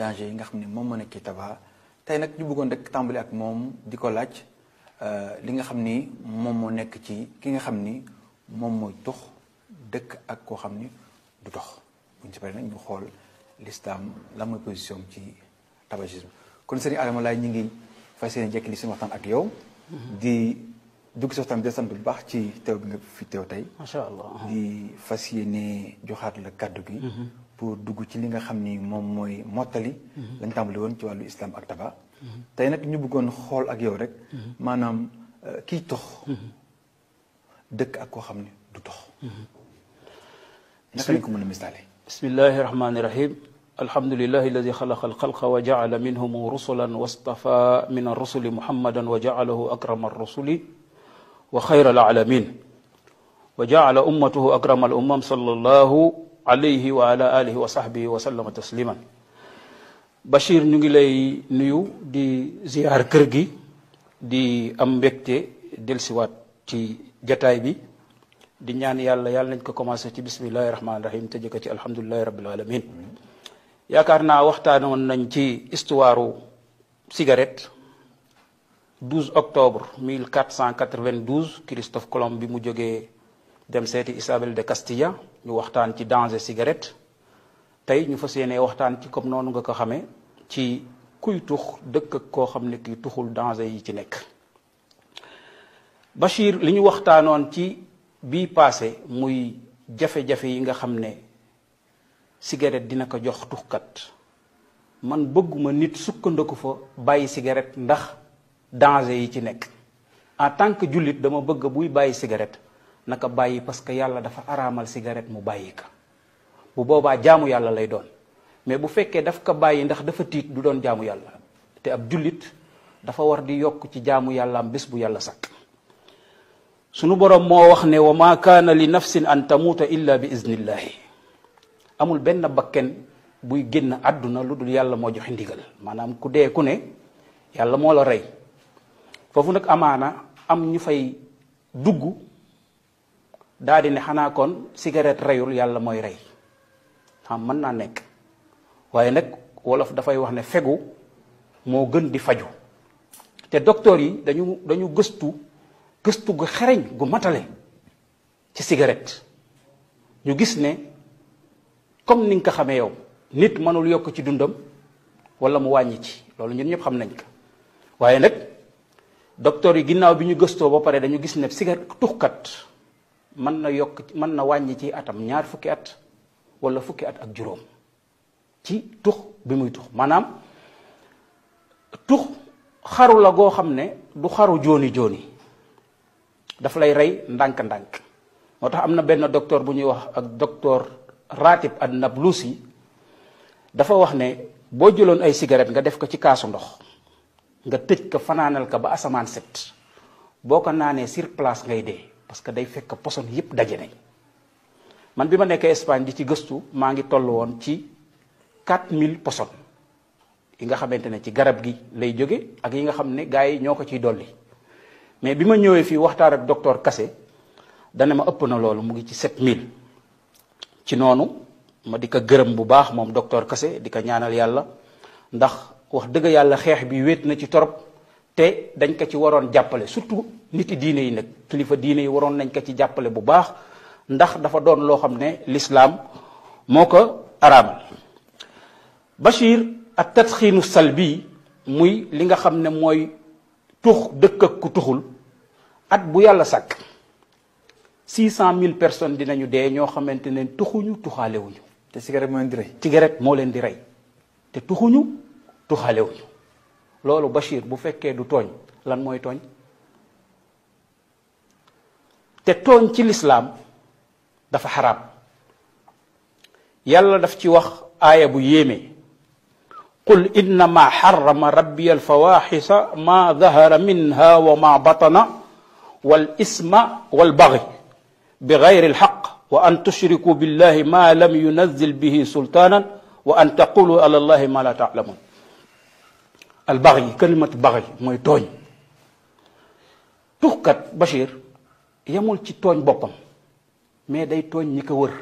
danger yi nga xam ne moom moo nekkee tabaa tey nag ñu bëggoon rek tàmbali ak moom di ko laaj euh, li nga xam ni moom moo nekk ci ki nga xam ni moom mooy tux dëkk ak koo xam ni du tox buñ si paree xool listam la mooy position ci tabagisme kon sëriñ Adama Laye ñu ngi fas yéene jekk li suñu waxtaan ak yow mm-hmm. di dugg si waxtaan bi sant bu baax ci teew bi nga fi teew tey macha allah di fas yéene joxaat la kàddu gi mm-hmm. pour dugg ci li nga xam ni moom mooy mottali. Mhm. lañ tàmbali woon ci wàllu islam ak taba. Mhm. tey nag ñu bëggoon xool ak yow rek. Mhm. maanaam euh, kiy tox. dëkk ak koo xam ne du tox. naka lañ ko mën a misaale. bismillahi rahmaani rahim. alhamdulilahi alladi xalaqa alxalqa wa jacala minhum rusulan wastafa min arrusuli muhammadan wa jacalahu akrama arrusuli wa xayra alalamin wa jacala ummatahu akrama alumam sallallahu alayhi wa ala alihi wa sahbihi wa sallama tasliman Bachir ñu ngi lay nuyu di ziar kër gi di am mbégte siwaat ci jataay bi di ñaan yàlla yàlla nañ ko commencé ci bismillahi rahmaani rahim te jëkk ci alhamdulilahi rabbil alamin yaakaar naa waxtaanoon nañ ci histoire cigarette 12 octobre 1492 Christophe Colomb bi mu jógee dem seeti Isabel de Castilla ñu waxtaan ci danger cigarette tey ñu fa yéene waxtaan ci comme noonu nga ko xame ci kuy tux dëkk koo xam ne kii tuxul danger yi ci nekk. Bachir li ñu waxtaanoon ci bii passé muy jafe-jafe yi nga xam ne cigarette dina ko jox tuxkat man bëgguma nit sukkandiku fa bàyyi cigarette ndax danger yi ci nekk en tant que jullit dama bëgg buy bàyyi cigarette. naka bayyi parce que yalla dafa aramal cigarette mu bayyi ka bu boba jaamu yalla lay doon mais bu fekke daf ka bayyi ndax dafa tit du doon jaamu yalla te ab julit dafa war di yok ci jaamu am bes bu yalla sak sunu borom mo wax ne wa ma kana li nafsin an tamuta illa bi iznillah amul ben bakken buy genn aduna luddul yalla mo joxe ndigal manam ku de ku ne yalla mo la ray fofu nak amana am ñu fay duggu daa di ne xanaa kon cigarette reyul yàlla mooy rey xam mën naa nekk waaye nag wolof dafay wax ne fegu moo gën di faju te docteur yi dañu dañu gëstu gëstu gu xereñ gu matale ci cigarette ñu gis ne comme ni nga ko xamee yow nit mënul yokk ci dundam walla mu wàññi ci loolu ñun ñëpp xam nañ ko waaye nag docteur yi ginnaaw bi ñu gëstoo ba pare dañu gis ne cigarette tuxkat man na yok man na wañi ci atam ñaar fukki at wala fukki at ak juroom ci tukh bi muy tukh manam tukh xaru la go xamne ne du xaru joni joni daf lay ray ndank ndank motax amna ben docteur bu ñuy wax ak docteur ratib ad nablusi dafa wax ne bo jëlone ay cigarette nga def ko ci kaasu ndox nga tejj ko fananal ko ba asaman set boko nané sur place ngay dé parce que day fekk poson yep dajé nañ man bima ma espagne di ci gëstu ma ngi tollu won ci 4000 poson yi nga xamantene ci garab gi lay joggé ak yi nga xamné ne ñoko ci dolli mais bima ñëwé fi waxtaan ak docteur Kassé dana ma ëpp na loolu mu ngi ci 7000 ci nonu ma dika gërëm bu baax mom docteur Kassé dika ñaanal yalla ndax wax dëgg yalla xex bi ci torop te dañ ko ci waroon jàppale surtout niti diine yi nag kilifa diine yi waroon nañ ko ci jàppale bu baax ndax dafa doon loo xam ne lislaam moo ko araamal Bachir ak tasxiinu salbi muy li nga xam ne mooy tux dëkk ak ku tuxul at bu yàlla sàkk six cent mille personnes dinañu dee ñoo xamante ne tuxuñu tuxaalewuñu te cigarette moo leen di moo leen di rey te tuxuñu tuxaalewuñu لولو بشير بو فكي دو توني لان موي توني تي توني تي الاسلام دا فا حرام يالا دا فا تي وخ آية بو قل إنما حرم ربي الفواحش ما ظهر منها وما بطن والاثم والبغي بغير الحق وأن تشركوا بالله ما لم ينزل به سلطانا وأن تقولوا على الله ما لا تعلمون البغي كلمة بغي موي توين توكات بشير يامول تي توين بوبام مي داي توين نيكا وور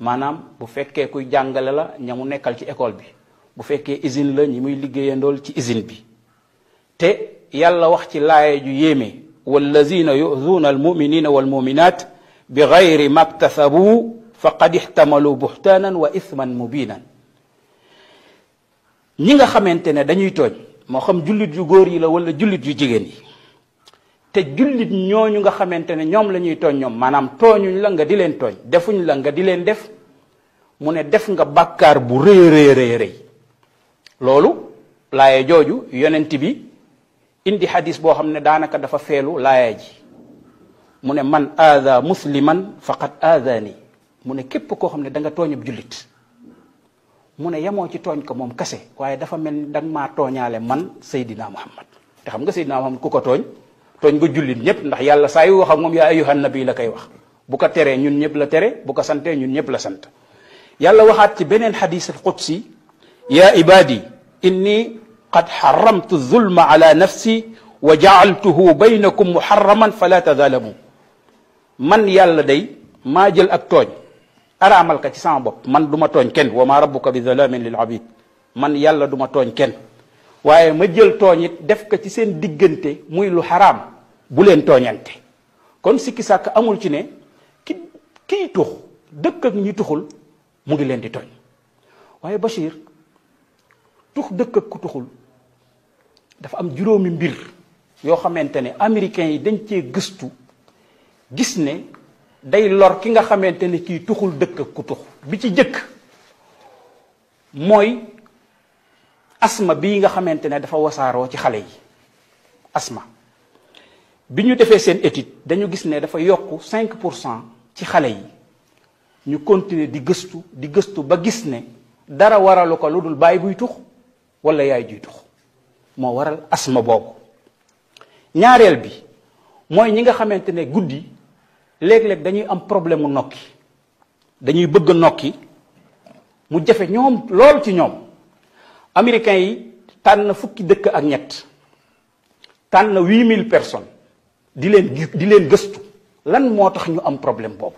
مانام بو فكيه كوي جانغال لا نيامو نيكال تي ايكول بي بو فكيه ايزين لا ني موي ليغيياندول تي ايزين بي تي يالا واخ تي لاي جو ييمي والذين يؤذون المؤمنين والمؤمنات بغير ما اكتسبوا فقد احتملوا بهتانا واثما مبينا ñi nga xamante ne dañuy tooñ moo xam jullit yu góor yi la wala jullit yu jigéen yi te jullit ñooñu nga xamante ne ñoom la ñuy tooñ ñoom maanaam tooñuñ la nga di leen tooñ defuñ la nga di leen def mu ne def nga bàkkaar bu re re rëy re loolu laaye jooju yonent bi indi xadis boo xam ne daanaka dafa feelu laaya ji mu ne man aza musliman faqad azani mu ne képp koo xam ne da nga tooñab jullit mu ne yemoo ci tooñ ko moom kese waaye dafa mel ni danga maa tooñaale man Seydina Muhammad te xam nga Seydina Muhammad ku ko tooñ tooñ nga jullit ñëpp ndax yàlla saa yu wax ak moom yaa ayyuhan nabi la kay wax bu ko teree ñun ñëpp la tere bu ko santee ñun ñëpp la sant yàlla waxaat ci beneen xadis qudsi yaa ibaadi inni qad xaramtu zulma ala nafsi wa jaaltuhu baynakum muharraman fala tazalamu man yàlla day maa jël ak tooñ araamal ka ci sama bopp man du ma tooñ kenn wa ma rabbuka bi zalamin lil abid man yàlla duma tooñ kenn waaye ma jël tooñ it def ko ci seen diggante muy lu xaraam bu leen tooñante kon sikki sàkk amul ci ne ki kii tux dëkk ak tuxul mu ngi leen di tooñ waaye Bachir tux dëkk ak ku tuxul dafa am juróomi mbir yoo xamante ne américains yi dañ cee gëstu gis ne day lor ki nga xamante ne kii tuxul dëkk ak ku tux bi ci jëkk mooy asma bi nga xamante ne dafa wasaaroo ci xale yi asma bi ñu defee seen étude dañu gis ne dafa yokk 5 pour cent ci xale yi ñu continuer di gëstu di gëstu ba gis ne dara waralu ko lu dul baay buy tux wala yaay juy tux moo waral asma boobu ñaareel bi mooy ñi nga xamante ne guddi léeg-léeg dañuy am problème mu nokki dañuy bëgg a nokki mu jafe ñoom lool ci ñoom américains yi tànn na fukki dëkk ak ñett tànn huit mille personnes di leen gis di leen gëstu lan moo tax ñu am problème boobu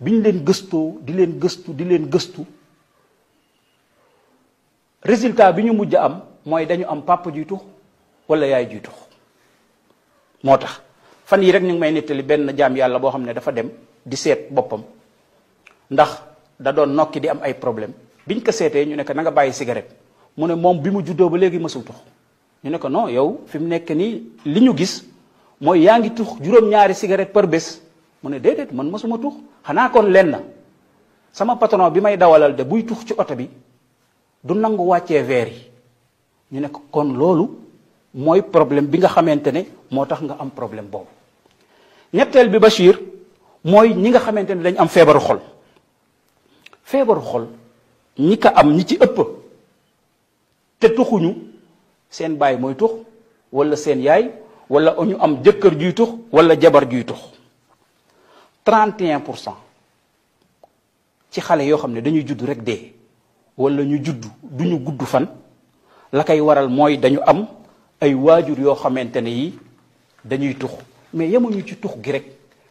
bi ñu leen gëstoo di leen gëstu di leen gëstu résultat bi ñu mujj am mooy dañu am papa juy tux wala yaay juy tux moo tax fan yi rek ñu may netali benn jaam yàlla boo xam ne dafa dem di seet boppam ndax da doon nokki di am ay problème biñ ko seetee ñu ne ko na nga bàyyi cigarette mu ne moom bi mu juddoo ba léegi mësul tux ñu ne ko non yow fi mu nekk nii li ñu gis mooy yaa tux juróom-ñaari cigarette par bés mu ne déedéet man mësuma tux xanaa kon lenn sama patron bi may dawalal de buy tux ci oto bi du nangu wàccee verre yi ñu ne kon loolu mooy problème bi nga xamante ne moo tax nga am problème boobu ñetteel bi Bachir mooy ñi nga xamante ne dañ am feebaru xol feebaru xol ñi ko am ñi ci ëpp te tuxuñu seen baay mooy tux wala seen yaay wala ñu am jëkkër juy tux wala jabar juy tux 31 pour cent ci xale yoo xam ne dañuy judd rek dee wala ñu judd duñu gudd fan la koy waral mooy dañu am ay waajur yoo xamante ne yi dañuy tux mais yemuñu ci tux gi rek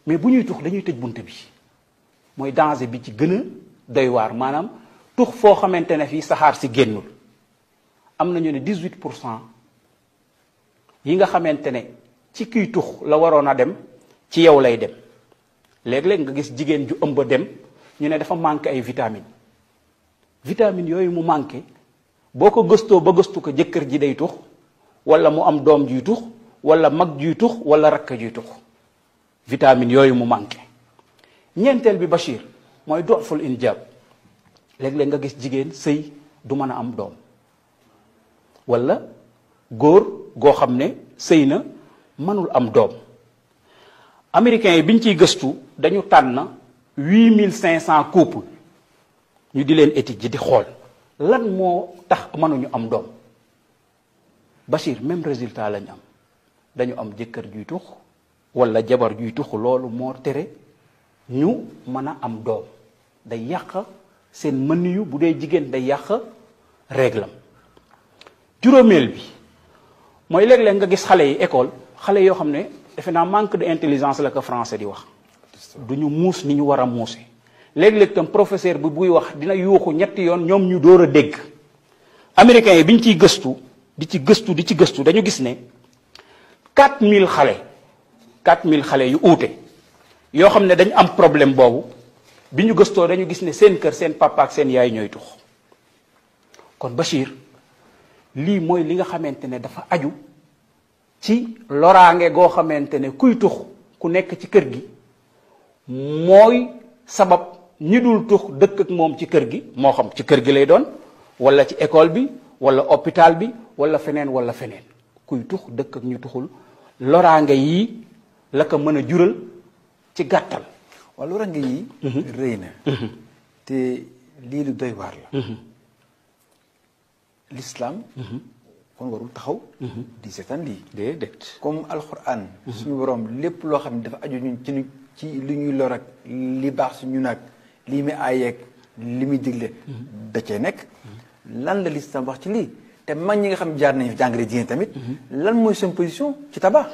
mais bu ñuy tux dañuy tëj bunt bi mooy danger bi ci gën a doy waar maanaam tux foo xamante ne fii saxaar si génnul am nañu ne dix 18 pour cent yi nga xamante ne ci kiy tux la waroon a dem ci yow lay dem léeg-léeg nga gis jigéen ju ëmb dem ñu ne dafa manqué ay vitamines vitamines yooyu mu manqué boo ko gëstoo ba gëstu ko jëkkër ji day tux wala mu am doom juy tux walla mag juy tux wala rakk juy tux vitamine yooyu mu manqué ñeenteel bi Bachir mooy dooful injaab léeg-léeg nga gis jigéen sëy du mën a am doom wala góor goo xam ne sëy na mënul am doom américains yi biñ ciy gëstu dañu tànn huit mille cinq cent couples ñu di leen ji di xool lan moo tax mënuñu am doom Bachir même résultat lañ am dañu am jëkkër juy tux wala jabar juy tux loolu moo tere ñu mën a am doom day yàq seen mën yu bu dee jigéen day yàq réglam juróomeel bi mooy léeg-léeg nga gis xale yi école xale yoo xam ne defe naa manque de intelligence la ko français di wax du ñu muus ni ñu war a muuse léeg-léeg tam professeur bi buy wax dina yuuxu ñetti yoon ñoom ñu dóor a dégg américains yi bi ñu ciy gëstu di ci gëstu di ci gëstu dañu gis ne 4000 xalé 4000 xalé yu uute yo xam ne dañ am problème bobu biñu ñu dañu gis ne sen kër seen papa ak seen yaay ñoy tux kon bashir li moy li nga xamantene ne dafa aju ci lorange go xamantene ne kuy tux ku nekk ci kër gi moy sabab ñi dul tux dekk ak mom ci kër gi mo xam ci kër gi lay doon wala ci école bi wala hôpital bi wala feneen wala feneen kuy tux dëkk ñu tuxul loraanga yii la ko mën a jural ci gàttal. waaw loraange yii. Mhm. rëy na. Mhm. te lii lu doy waar la. Mhm. l'islam. kon warul taxaw. di seetaan lii. comme alxuraan. suñu borom lépp loo xam ne dafa aju ñun ci ci li ñuy lor ak li baax suñu nag lii muy aayeeg li muy digle. da cee nekk lan la l'islam wax ci lii. te mag ñi nga xam jaar nañu jàngale diine tamit. lan mooy seen position ci tabac.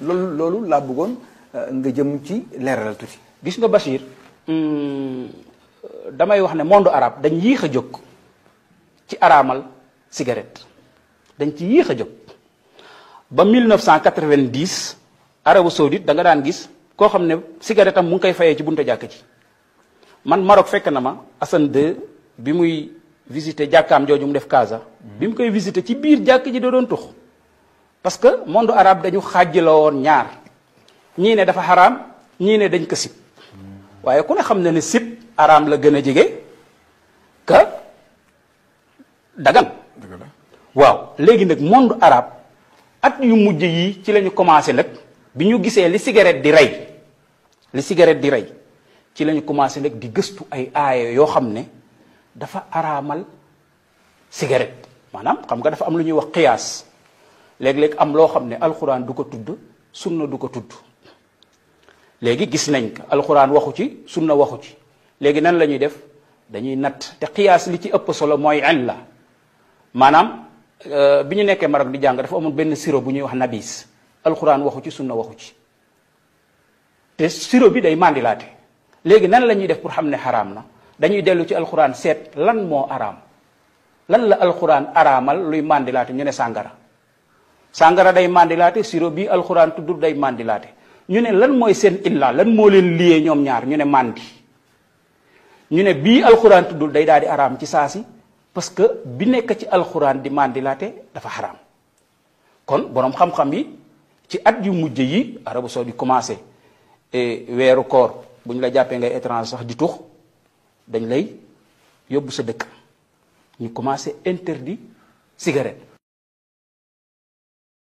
loolu loolu laa bëggoon euh, nga jëm ci leeralal tuuti. gis nga Bachir hmm, damay wax ne monde arabe dañ yéex a jóg ci araamal cigarette dañ ci yéex a jóg ba mille 1990 arabu saoudite da danga daan gis koo xam ne cigarette am mu ngi koy fayee ci buntu jàkk ci man Maroc fekk na ma Hassan bi muy. visité jàkkaam jooju mu def Kaza. bi mu koy visité ci biir jàkk ji da doon tux parce que monde arabe dañu xaajale woon ñaar ñii ne dafa xaraam ñii ne dañ ko sib waaye ku ne xam ne ne sib araam la gën a jege que dagan waaw léegi nag monde arabe at yu mujj yi ci lañu ñu commencé nag bi ñu gisee li cigarette di rey li cigarette di rey ci la ñu commencé nag di gëstu ay aaya yoo xam ne dafa araamal cigarette maanaam xam nga dafa am lu ñuy wax qiyaas léeg-léeg am loo xam ne alxuraan du ko tudd sunna du ko tudd léegi gis nañ ko alxuraan waxu ci sunna waxu ci léegi nan la ñuy def dañuy natt te qiyaas li ci ëpp solo mooy illa la maanaam bi ñu nekkee Maroc di jàng dafa amul benn siro bu ñuy wax nabis alxuraan waxu ci sunna waxu ci te siro bi day mandilaate léegi nan la ñuy def pour xam ne xaraam na. dañuy dellu ci alxuraan seet lan moo araam lan la alxuraan araamal luy màndilaate ñu ne sàngara sàngara day màndilaate sirop bii alxuraan tudd day màndilaate ñu ne lan mooy seen illa lan moo leen liyee ñoom ñaar ñu ne màndi ñu ne bii alxuraan tuddul day daal di araam ci saa si parce que bi nekk ci alxuraan di màndilaate dafa xaraam kon boroom xam-xam yi ci at yu mujj yi arabu di commencé eh, weeru koor bu ñu la jàppee ngay étranger sax di tux dañ lay yóbbu sa dëkk ñu commencé interdit cigarette